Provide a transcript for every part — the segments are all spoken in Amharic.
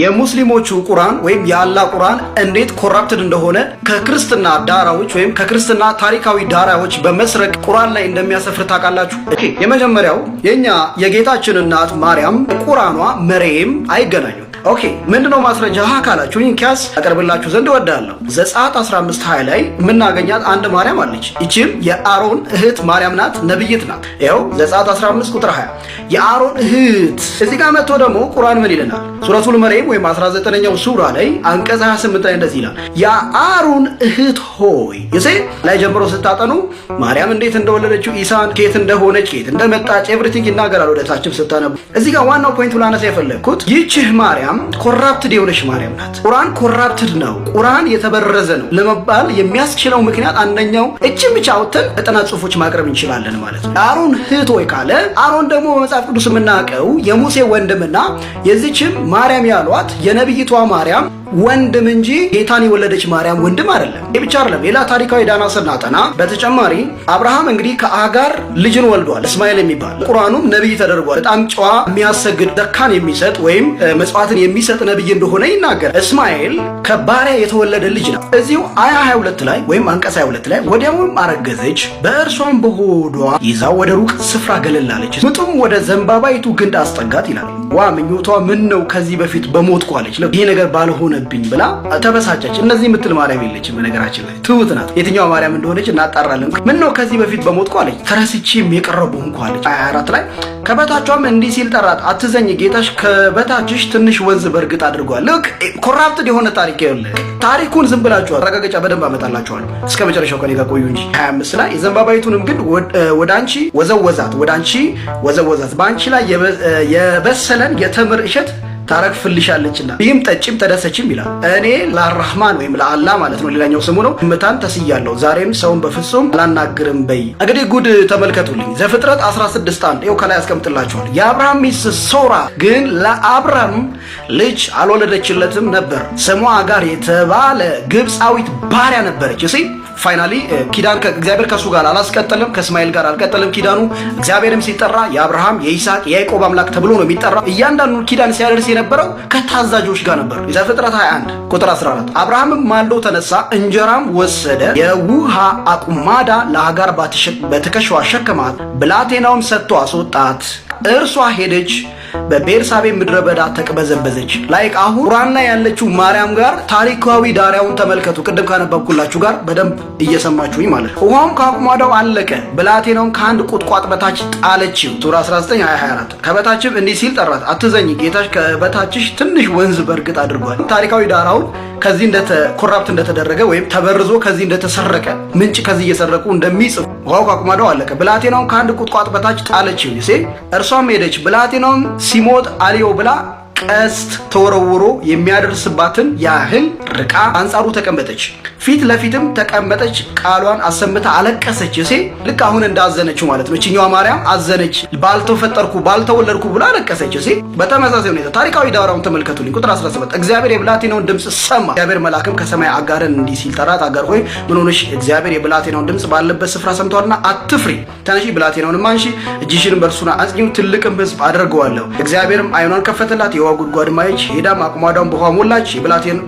የሙስሊሞቹ ቁርአን ወይም የአላህ ቁርአን እንዴት ኮራፕትድ እንደሆነ ከክርስትና ዳራዎች ወይም ከክርስትና ታሪካዊ ዳራዎች በመስረቅ ቁርአን ላይ እንደሚያሰፍር ታውቃላችሁ። የመጀመሪያው የእኛ የጌታችን እናት ማርያም ቁርአኗ መሬም አይገናኙም። ኦኬ ምንድነው ማስረጃ ካላችሁ ኪያስ አቀርብላችሁ ዘንድ እወዳለሁ። ዘጸአት 15 20 ላይ የምናገኛት አንድ ማርያም አለች። ይችም የአሮን እህት ማርያም ናት፣ ነብይት ናት። ይኸው ዘጸአት 15 ቁጥር 20 የአሮን እህት። እዚህ ጋር መጥቶ ደግሞ ቁርአን ምን ይለናል? ሱረቱል መርየም ወይም 19ኛው ሱራ ላይ አንቀጽ 28 ላይ እንደዚህ ይላል፣ የአሮን እህት ሆይ ይሴ ላይ ጀምሮ ስታጠኑ ማርያም እንዴት እንደወለደችው ኢሳን ኬት እንደሆነች ኬት እንደመጣች ኤቭሪቲንግ ይናገራል። ወደታችም ስታነቡ እዚህ ጋር ዋናው ፖይንት ብላነሳ የፈለግኩት ይችህ ማርያም ማርያም ኮራፕትድ የሆነች ማርያም ናት። ቁርአን ኮራፕትድ ነው፣ ቁርአን የተበረዘ ነው ለመባል የሚያስችለው ምክንያት አንደኛው እጅም ብቻ አውጥተን ጥናት ጽሁፎች ማቅረብ እንችላለን ማለት ነው። አሮን እህት ወይ ካለ አሮን ደግሞ በመጽሐፍ ቅዱስ የምናውቀው የሙሴ ወንድምና የዚችም ማርያም ያሏት የነቢይቷ ማርያም ወንድም እንጂ ጌታን የወለደች ማርያም ወንድም አይደለም። ይህ ብቻ አይደለም። ሌላ ታሪካዊ ዳና ስናጠና በተጨማሪ አብርሃም እንግዲህ ከአጋር ልጅን ወልዷል፣ እስማኤል የሚባል ቁርአኑም ነቢይ ተደርጓል። በጣም ጨዋ የሚያሰግድ ዘካን የሚሰጥ ወይም መጽዋትን የሚሰጥ ነቢይ እንደሆነ ይናገራል። እስማኤል ከባሪያ የተወለደ ልጅ ነው። እዚሁ አያ 22 ላይ ወይም አንቀጽ 22 ላይ ወዲያውም አረገዘች፣ በእርሷም በሆዷ ይዛ ወደ ሩቅ ስፍራ ገለላለች፣ ምጡም ወደ ዘንባባይቱ ግንድ አስጠጋት ይላል። ዋ ምኞቷ ምን ነው ከዚህ በፊት በሞት ቋለች። ይህ ነገር ባልሆነ አለብኝ ብላ ተበሳጨች። እነዚህ የምትል ማርያም የለችም። በነገራችን ላይ ትሁት ናት። የትኛው ማርያም እንደሆነች እናጣራለን። ምን ነው ከዚህ በፊት በሞትኩ አለች፣ ተረስቼም የቀረቡ እንኳ አለች። 24 ላይ ከበታቿም እንዲህ ሲል ጠራት፣ አትዘኝ ጌታሽ ከበታችሽ ትንሽ ወንዝ በእርግጥ አድርጓል። ልክ ኮራፕትድ የሆነ ታሪክ ያለ ታሪኩን ዝም ብላችኋል። አረጋገጫ በደንብ አመጣላችኋል። እስከ መጨረሻው ከኔ ጋር ቆዩ እንጂ 25 ላይ የዘንባባይቱንም ግን ወደ አንቺ ወዘወዛት፣ ወደ አንቺ ወዘወዛት፣ በአንቺ ላይ የበሰለን የተምር እሸት ታረግፍልሻለችና ይህም ጠጭም ተደሰችም ይላል። እኔ ለአራህማን ወይም ለአላ ማለት ነው ሌላኛው ስሙ ነው ምታን ተስያለሁ፣ ዛሬም ሰውን በፍጹም አላናግርም በይ። እንግዲህ ጉድ ተመልከቱልኝ። ዘፍጥረት 16 አንድ ይኸው ከላይ ያስቀምጥላችኋል። የአብርሃም ሚስት ሶራ ግን ለአብርሃም ልጅ አልወለደችለትም ነበር። ስሟ አጋር የተባለ ግብፃዊት ባሪያ ነበረች። እሺ ፋይናሊ eh, ኪዳን እግዚአብሔር ከእሱ ጋር አላስቀጠልም፣ ከእስማኤል ጋር አልቀጠልም ኪዳኑ። እግዚአብሔርም ሲጠራ የአብርሃም የይስሐቅ የያዕቆብ አምላክ ተብሎ ነው የሚጠራው እያንዳንዱ ኪዳን ሲያደርስ የነበረው ከታዛዦች ጋር ነበር። ዘፍጥረት 21 ቁጥር 14 አብርሃምም ማልዶ ተነሳ፣ እንጀራም ወሰደ፣ የውሃ አቁማዳ ለሀጋር በትከሻዋ ሸከማት፣ ብላቴናውም ሰጥቶ አስወጣት። እርሷ ሄደች በቤርሳቤ ምድረ በዳ ተቅበዘበዘች። ላይክ አሁን ቁራና ያለችው ማርያም ጋር ታሪካዊ ዳራውን ተመልከቱ። ቅድም ካነበብኩላችሁ ጋር በደንብ እየሰማችሁኝ ማለት ነው። ውሃውም ከአቁማዳው አለቀ፣ ብላቴናውን ከአንድ ቁጥቋጥ በታች ጣለችው። ሱራ 19 24 ከበታችም እንዲህ ሲል ጠራት፣ አትዘኝ ጌታሽ ከበታችሽ ትንሽ ወንዝ በእርግጥ አድርጓል። ታሪካዊ ዳራውን ከዚህ ኮራፕት እንደተደረገ ወይም ተበርዞ ከዚህ እንደተሰረቀ ምንጭ ከዚህ እየሰረቁ እንደሚጽፉ ውሃው ከአቁማዳው አለቀ፣ ብላቴናውን ከአንድ ቁጥቋጥ በታች ጣለችው። ሴ እርሷ እሷም ሄደች ብላቴናውም ሲሞት አሊዮ ብላ ቀስት ተወረውሮ የሚያደርስባትን ያህል ርቃ አንጻሩ ተቀመጠች። ፊት ለፊትም ተቀመጠች፣ ቃሏን አሰምታ አለቀሰች። እሴ ልክ አሁን እንዳዘነችው ማለት ነው። እችኛዋ ማርያም አዘነች፣ ባልተፈጠርኩ ባልተወለድኩ ብላ አለቀሰች። እሴ በተመሳሳይ ሁኔታ ታሪካዊ ዳራውን ተመልከቱልኝ። ቁጥር 17 እግዚአብሔር የብላቴናውን ድምፅ ሰማ። እግዚአብሔር መልአክም ከሰማይ አጋርን እንዲህ ሲል ጠራት። አጋር ሆይ ምን ሆነሽ? እግዚአብሔር የብላቴናውን ድምፅ ባለበት ስፍራ ሰምቷልና አትፍሪ፣ ተነሺ፣ ብላቴናውንም አንሺ፣ እጅሽን በእርሱና አጽኚው፣ ትልቅም ህዝብ አድርገዋለሁ። እግዚአብሔርም አይኗን ከፈተላት፣ የውኃ ጉድጓድ ማየች። ሄዳም አቁማዳውን በውኃ ሞላች፣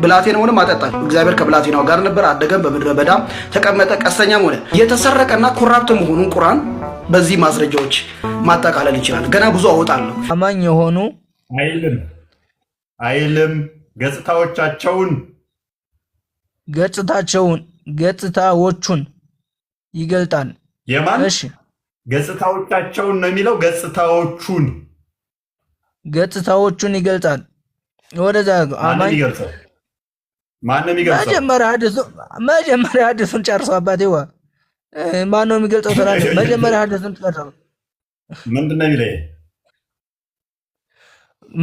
ብላቴናውንም አጠጣች። እግዚአብሔር ከብላቴናው ጋር ነበር ነበር፣ አደገ፣ በምድረ በዳ ተቀመጠ፣ ቀስተኛም ሆነ። የተሰረቀና ኮራፕት መሆኑን ቁርአን በዚህ ማስረጃዎች ማጠቃለል ይችላል። ገና ብዙ አወጣለሁ። አማኝ የሆኑ አይልም አይልም ገጽታዎቻቸውን ገጽታቸውን ገጽታዎቹን ይገልጣል። የማን ገጽታዎቻቸውን ነው የሚለው? ገጽታዎቹን ገጽታዎቹን ይገልጣል። ወደዛ አማኝ ይገልጻል ማነው የሚገልጸው? መጀመሪያ ሐዲሱን መጀመሪያ ሐዲሱን ጨርሶ አባቴዋ ማነው የሚገልጸው? ስራ መጀመሪያ ሐዲሱን ጨርሰው ምንድን ነው የሚለው?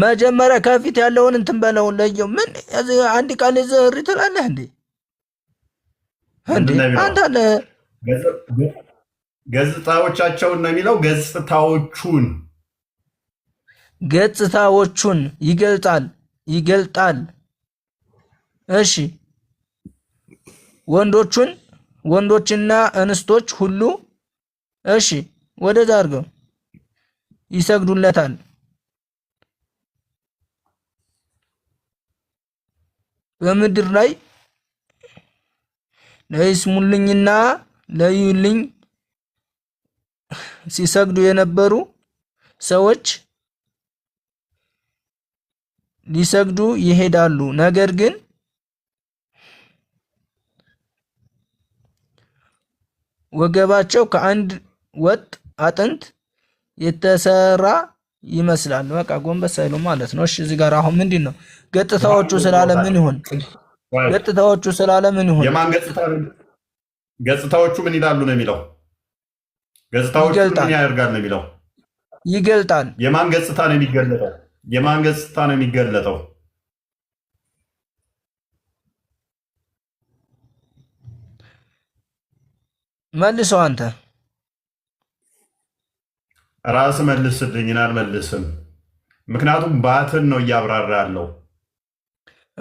መጀመሪያ ከፊት ያለውን እንትን በለውን ለየው። ምን አንድ ቃል ይዘህ እሪ ትላለህ እንዴ? አንተ ገጽታዎቻቸውን ነው የሚለው። ገጽታዎቹን ገጽታዎቹን ይገልጣል ይገልጣል እሺ ወንዶቹን ወንዶችና እንስቶች ሁሉ እሺ ወደዛ አድርገው ይሰግዱለታል። በምድር ላይ ለይስሙልኝና ለዩልኝ ሲሰግዱ የነበሩ ሰዎች ሊሰግዱ ይሄዳሉ። ነገር ግን ወገባቸው ከአንድ ወጥ አጥንት የተሰራ ይመስላል። በቃ ጎንበስ አይሉ ማለት ነው። እሺ እዚህ ጋር አሁን ምንድን ነው ገጥታዎቹ ስላለ ምን ይሁን? ገጥታዎቹ ስላለ ምን ይሁን? የማን ገጽታ? ገጽታዎቹ ምን ይላሉ ነው የሚለው። ገጽታዎቹ ምን ያደርጋል ነው የሚለው። ይገልጣል። የማን ገጽታ ነው የሚገለጠው? የማን ገጽታ ነው የሚገለጠው? መልሰው አንተ ራስ መልስልኝን አልመልስም። ምክንያቱም ባትን ነው እያብራራ ያለው።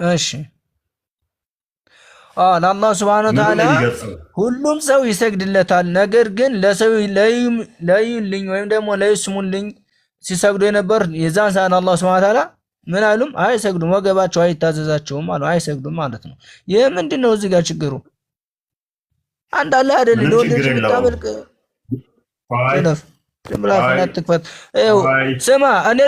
እሺ ለአላህ ስብሐነ ወተዓላ ሁሉም ሰው ይሰግድለታል። ነገር ግን ለሰው ለዩልኝ ወይም ደግሞ ለይስሙልኝ ሲሰግዱ የነበር የዛን ሰዓት አላህ ስብሐነ ወተዓላ ምን አሉም? አይሰግዱም፣ ወገባቸው አይታዘዛቸውም አሉ። አይሰግዱም ማለት ነው። ይህ ምንድን ነው እዚህ ጋር ችግሩ? አንድ አለ አይደል? ለወንዶች ስማ፣ እኔ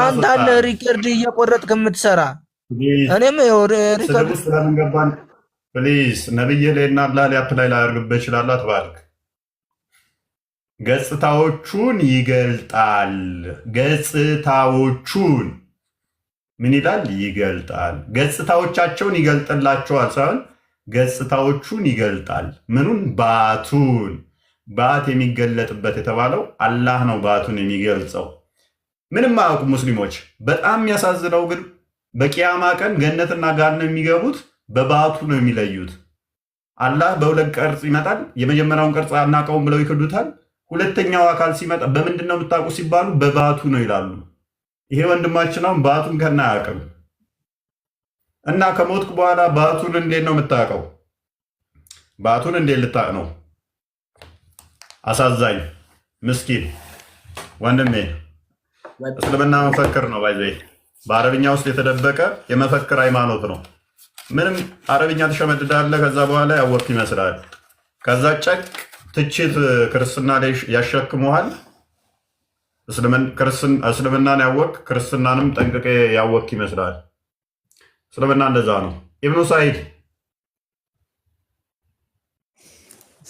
አንተ አለ ሪከርድ እየቆረጥክ የምትሰራ እኔም ፕሊዝ ነብዬ ላይ ላያርግብህ ይችላል። አትባልክ ገጽታዎቹን ይገልጣል። ገጽታዎቹን ምን ይላል? ይገልጣል። ገጽታዎቻቸውን ይገልጥላቸዋል ሳይሆን ገጽታዎቹን ይገልጣል። ምኑን? ባቱን። ባት የሚገለጥበት የተባለው አላህ ነው። ባቱን የሚገልጸው ምንም አያውቁ ሙስሊሞች። በጣም የሚያሳዝነው ግን በቂያማ ቀን ገነትና ነው የሚገቡት በባቱ ነው የሚለዩት። አላህ በሁለት ቅርጽ ይመጣል። የመጀመሪያውን ቅርጽ አናውቀውም ብለው ይክዱታል። ሁለተኛው አካል ሲመጣ በምንድን ነው የምታውቁ ሲባሉ በባቱ ነው ይላሉ። ይሄ ወንድማችን አሁን ባቱን ከና አያውቅም። እና ከሞትኩ በኋላ ባቱን እንዴት ነው የምታውቀው? ባቱን እንዴት ልታቅ ነው? አሳዛኝ ምስኪን ወንድሜ እስልምና መፈክር ነው ባይዘ በአረብኛ ውስጥ የተደበቀ የመፈክር ሃይማኖት ነው። ምንም አረብኛ ትሸመድዳለህ። ከዛ በኋላ ያወቅ ይመስላል። ከዛ ጨቅ ትችት ክርስትና ላይ ያሸክመሃል። እስልምናን ያወቅ ክርስትናንም ጠንቅቄ ያወቅ ይመስላል። እስልምና እንደዛ ነው። ኢብኑ ሳይድ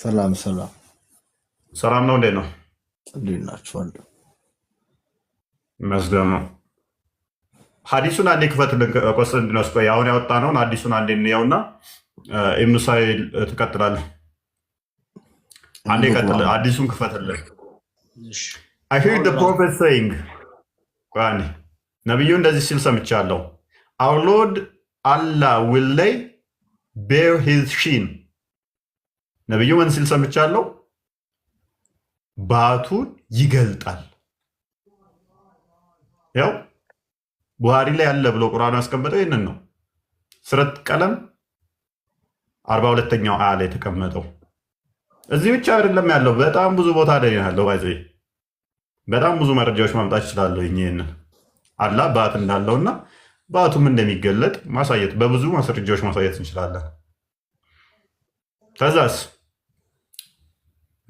ሰላም ሰላም ሰላም ነው። እንዴት ነው? እንዴት ናችኋለሁ? ይመስገን ነው። ሀዲሱን አንዴ ክፈትልን ቆስ ቆይ አሁን ያወጣ ነውን አዲሱን አንዴ እንየውና ኢብኑ ሳይድ ትቀጥላለህ። አንዴ ቀጥል፣ አዲሱን ክፈትልን። አይ ሂር ዘ ፕሮፌት ሴይንግ ነቢዩ እንደዚህ ሲል ሰምቻለሁ አውር ሎርድ አላ ዊል ሌይ ቤር ሂዝ ሺን ነቢዩ ምን ሲል ሰምቻለሁ? ባቱን ይገልጣል። ያው ቡሃሪ ላይ አለ ብሎ ቁርአን ያስቀመጠው ይህንን ነው። ስረት ቀለም አርባ ሁለተኛው አያ ላይ የተቀመጠው። እዚህ ብቻ አይደለም ያለው፣ በጣም ብዙ ቦታ ደ ያለው ይዘ በጣም ብዙ መረጃዎች ማምጣት ይችላለሁ። ይህንን አላህ ባት እንዳለውና በአቱም እንደሚገለጥ ማሳየት በብዙ ማስረጃዎች ማሳየት እንችላለን። ተዛስ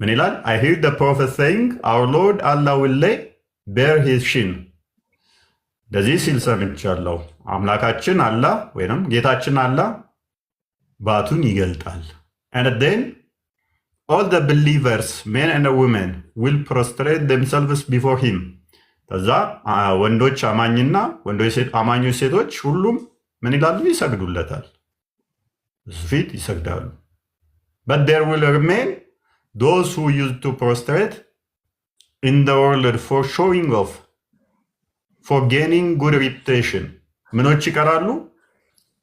ምን ይላል? አይ ሂር ደ ፕሮፌት ሴይንግ ሎርድ ዊል ሌይ ቤር ሂዝ እንደዚህ ሲል ሰምቻለሁ። አምላካችን አላ ወይም ጌታችን አላ ባቱን ይገልጣል። and then all the believers men and women will prostrate ከዛ ወንዶች አማኝና አማኞች ሴቶች ሁሉም ምን ይላሉ? ይሰግዱለታል፣ እሱ ፊት ይሰግዳሉ። በት ዜር ዊል ሪሜይን ዞዝ ሁ ዩዝ ቱ ፕሮስትሬት ኢን ዘ ወርልድ ፎር ሾዊንግ ኦፍ ፎር ጌኒንግ ጉድ ሪፑቴሽን ምኖች ይቀራሉ?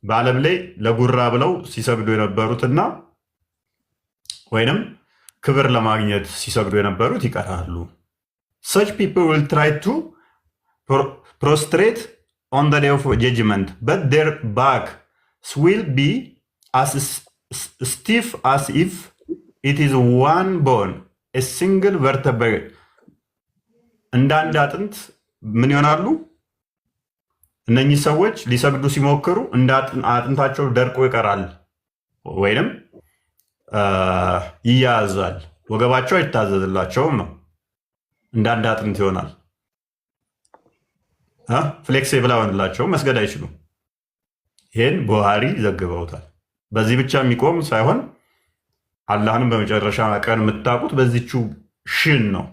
በዓለም ላይ ለጉራ ብለው ሲሰግዱ የነበሩትና ወይንም ክብር ለማግኘት ሲሰግዱ የነበሩት ይቀራሉ። Such people will try to pr- prostrate on the day of judgment, but their back will be as stiff as if it is one bone, a single vertebrae እንደ አንድ አጥንት ምን ይሆናሉ? እነኚህ ሰዎች ሊሰግዱ ሲሞክሩ እንደ አጥንታቸው ደርቆ ይቀራል ወይንም ይያያዛል። ወገባቸው አይታዘዝላቸውም ነው። እንዳንድ አጥንት ይሆናል። ፍሌክሲብል ሆንላቸው መስገድ አይችሉም። ይህን ቡሃሪ ዘግበውታል። በዚህ ብቻ የሚቆም ሳይሆን አላህንም በመጨረሻ ቀን የምታውቁት በዚቹ ሽን ነው።